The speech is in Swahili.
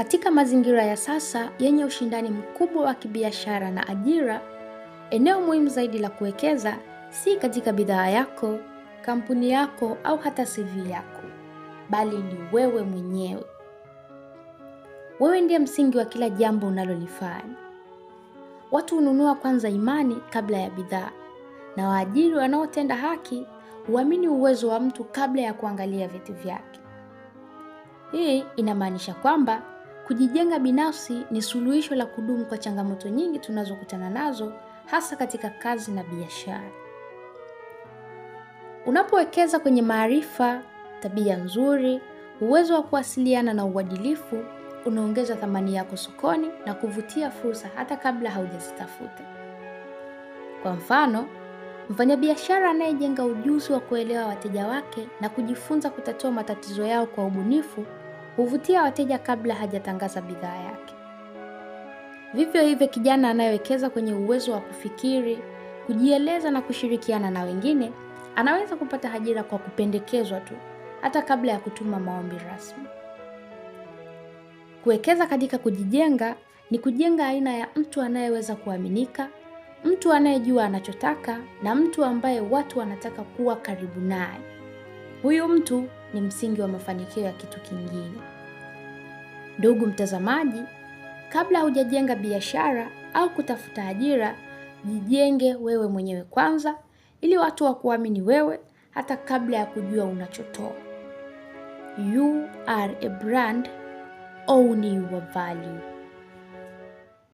Katika mazingira ya sasa yenye ushindani mkubwa wa kibiashara na ajira, eneo muhimu zaidi la kuwekeza si katika bidhaa yako, kampuni yako au hata CV yako, bali ni wewe mwenyewe. Wewe ndiye msingi wa kila jambo unalolifanya. Watu hununua kwanza imani kabla ya bidhaa, na waajiri wanaotenda haki huamini uwezo wa mtu kabla ya kuangalia vitu vyake. Hii inamaanisha kwamba Kujijenga binafsi ni suluhisho la kudumu kwa changamoto nyingi tunazokutana nazo hasa katika kazi na biashara. Unapowekeza kwenye maarifa, tabia nzuri, uwezo wa kuwasiliana na uadilifu, unaongeza thamani yako sokoni na kuvutia fursa hata kabla haujazitafuta. Kwa mfano, mfanyabiashara anayejenga ujuzi wa kuelewa wateja wake na kujifunza kutatua matatizo yao kwa ubunifu huvutia wateja kabla hajatangaza bidhaa yake. Vivyo hivyo, kijana anayewekeza kwenye uwezo wa kufikiri, kujieleza na kushirikiana na wengine anaweza kupata ajira kwa kupendekezwa tu hata kabla ya kutuma maombi rasmi. Kuwekeza katika kujijenga ni kujenga aina ya mtu anayeweza kuaminika, mtu anayejua anachotaka na mtu ambaye watu wanataka kuwa karibu naye. Huyu mtu ni msingi wa mafanikio ya kitu kingine. Ndugu mtazamaji, kabla hujajenga biashara au kutafuta ajira, jijenge wewe mwenyewe kwanza, ili watu wakuamini wewe hata kabla ya kujua unachotoa. You are a brand, own your value.